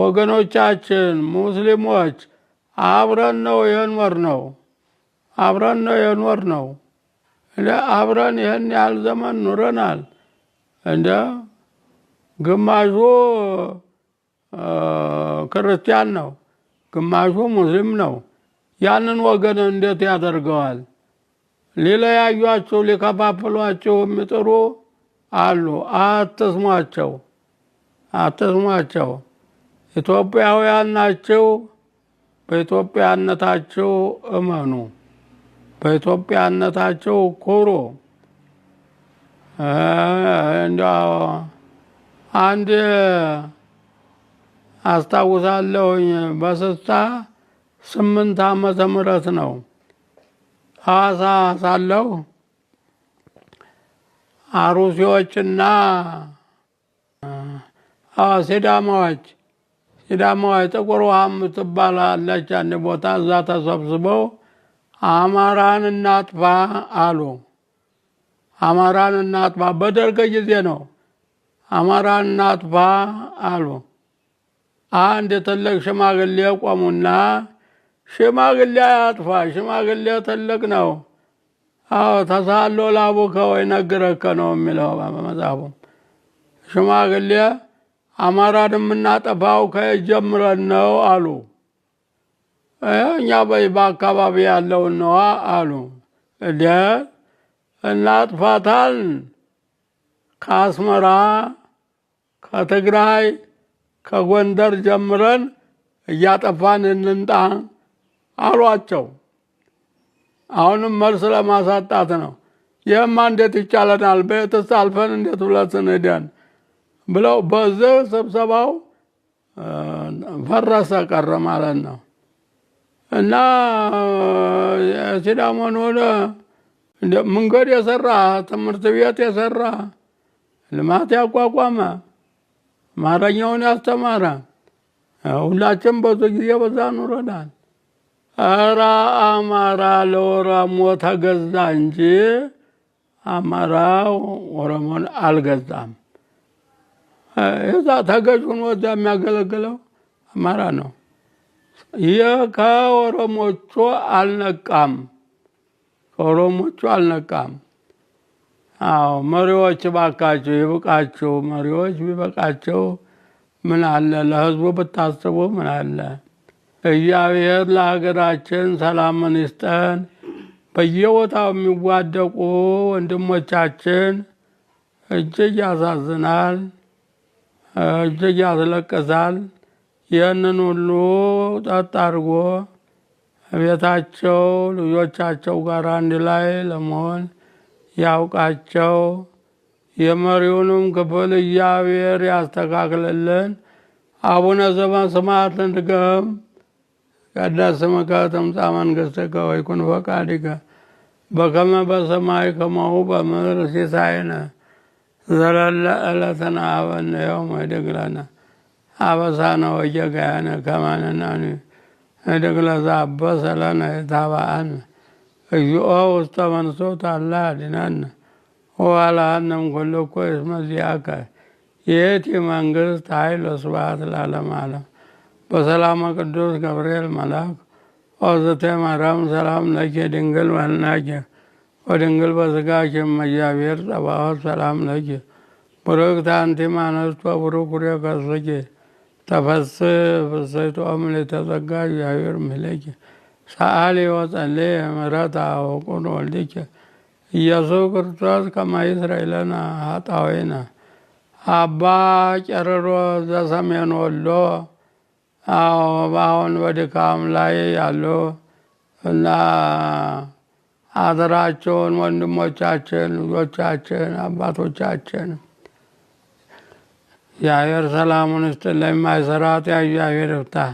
ወገኖቻችን ሙስሊሞች አብረን ነው የኖር ነው አብረን ነው የኖር ነው አብረን ይህን ያህል ዘመን ኑረናል። እንደ ግማሹ ክርስቲያን ነው፣ ግማሹ ሙስሊም ነው። ያንን ወገን እንዴት ያደርገዋል? ሊለያዩአችሁ ሊከፋፍሏችሁ የሚጥሩ አሉ። አትስሟቸው፣ አትስሟቸው። ኢትዮጵያውያን ናቸው። በኢትዮጵያነታቸው እመኑ፣ በኢትዮጵያነታቸው ኩሩ። እንዲያው አንድ አስታውሳለሁኝ በስልሳ ስምንት ዓመተ ምህረት ነው ሐዋሳ ሳለሁ አሩሲዎችና ሲዳማዎች ሲዳማዋ የጥቁር ውሃ የምትባል አለች። አንድ ቦታ እዛ ተሰብስበው አማራን እናጥፋ አሉ። አማራን እናጥፋ በደርግ ጊዜ ነው። አማራን እናጥፋ አሉ። አንድ ትልቅ ሽማግሌ ቆሙና ሽማግሌ አያጥፋ፣ ሽማግሌ ትልቅ ነው። አዎ ተሳሎ ላቡከ ወይ ነግረከ ነው የሚለው መጽሐፉ ሽማግሌ አማራን የምናጠፋው ከጀምረን ነው አሉ። እኛ በአካባቢ ያለውን ነዋ አሉ። እደ እናጥፋታል ከአስመራ፣ ከትግራይ፣ ከጎንደር ጀምረን እያጠፋን እንንጣ አሏቸው። አሁንም መልስ ለማሳጣት ነው። ይህማ እንዴት ይቻለናል? በየትስ አልፈን እንዴት ሁለት ስንሄደን ብለው በዚህ ስብሰባው ፈረሰ ቀረ ማለት ነው። እና ሲዳሞን ሆነ መንገድ የሰራ ትምህርት ቤት የሰራ ልማት ያቋቋመ ማረኛውን ያስተማረ ሁላችን በዙ ጊዜ በዛ ኑረናል። እረ አማራ ለኦሮሞ ተገዛ እንጂ አማራ ኦሮሞን አልገዛም። እዛ ተገዥን የሚያገለግለው አማራ ነው። ይህ ከኦሮሞቹ አልነቃም፣ ከኦሮሞቹ አልነቃም። አዎ መሪዎች ባካቸው ይብቃቸው። መሪዎች ቢበቃቸው ምን አለ? ለህዝቡ ብታስቡ ምን አለ? እግዚአብሔር ለሀገራችን ሰላምን ይስጠን። በየቦታው የሚዋደቁ ወንድሞቻችን እጅግ ያሳዝናል። እጅግ ያስለቅሳል። ይህንን ሁሉ ጠጥ አድርጎ ቤታቸው ልጆቻቸው ጋር አንድ ላይ ለመሆን ያውቃቸው። የመሪውንም ክፍል እግዚአብሔር ያስተካክልልን። አቡነ ዘበሰማያት ይትቀደስ ስምከ ትምጻእ መንግሥትከ ወይኩን ፈቃድከ በከመ በሰማይ ከማሁ በምድር ሲሳየነ ዘለለ ዕለተና ሀበነ ዮም ወይድግለነ አበሳነ ወጌጋየነ ከማንናኒ እድግለ ዘአበሰ ለነ የታባአነ እግዚኦ ውስተ መንሱት አላ አድነነ ወባልሃነም ኩልኮ እስመ ዚአከ ይእቲ መንግሥት ኃይል ወስብሐት ለዓለመ ዓለም በሰላመ ቅዱስ ገብርኤል መልአክ ኦዝቴ ማርያም ሰላም ለኪ ድንግል ወህልናኪ ወድንግል በስጋሽ እመእግዚአብሔር ጸባዖት ሰላም ለኪ ቡርክት አንቲ ማነስቶ ቡሩክ ፍሬ ከስኪ ተፈስሕ ፍስሕት እምኔተ ጸጋ እግዚአብሔር እምይእዜኪ ሰአሊ ወጸልዪ ምሕረተ ወቁን ወልድኪ ኢየሱስ ክርስቶስ ከመ ይሥረይ ኃጣውኢነ አባ ጨረሮ ዘሰሜን ወሎ አሁን በድካም ላይ ያሉ እና አደራቸውን ወንድሞቻችን፣ ልጆቻችን፣ አባቶቻችን የአየር ሰላሙን ስጥ። ለማይሰራት የእግዚአብሔር ፍታ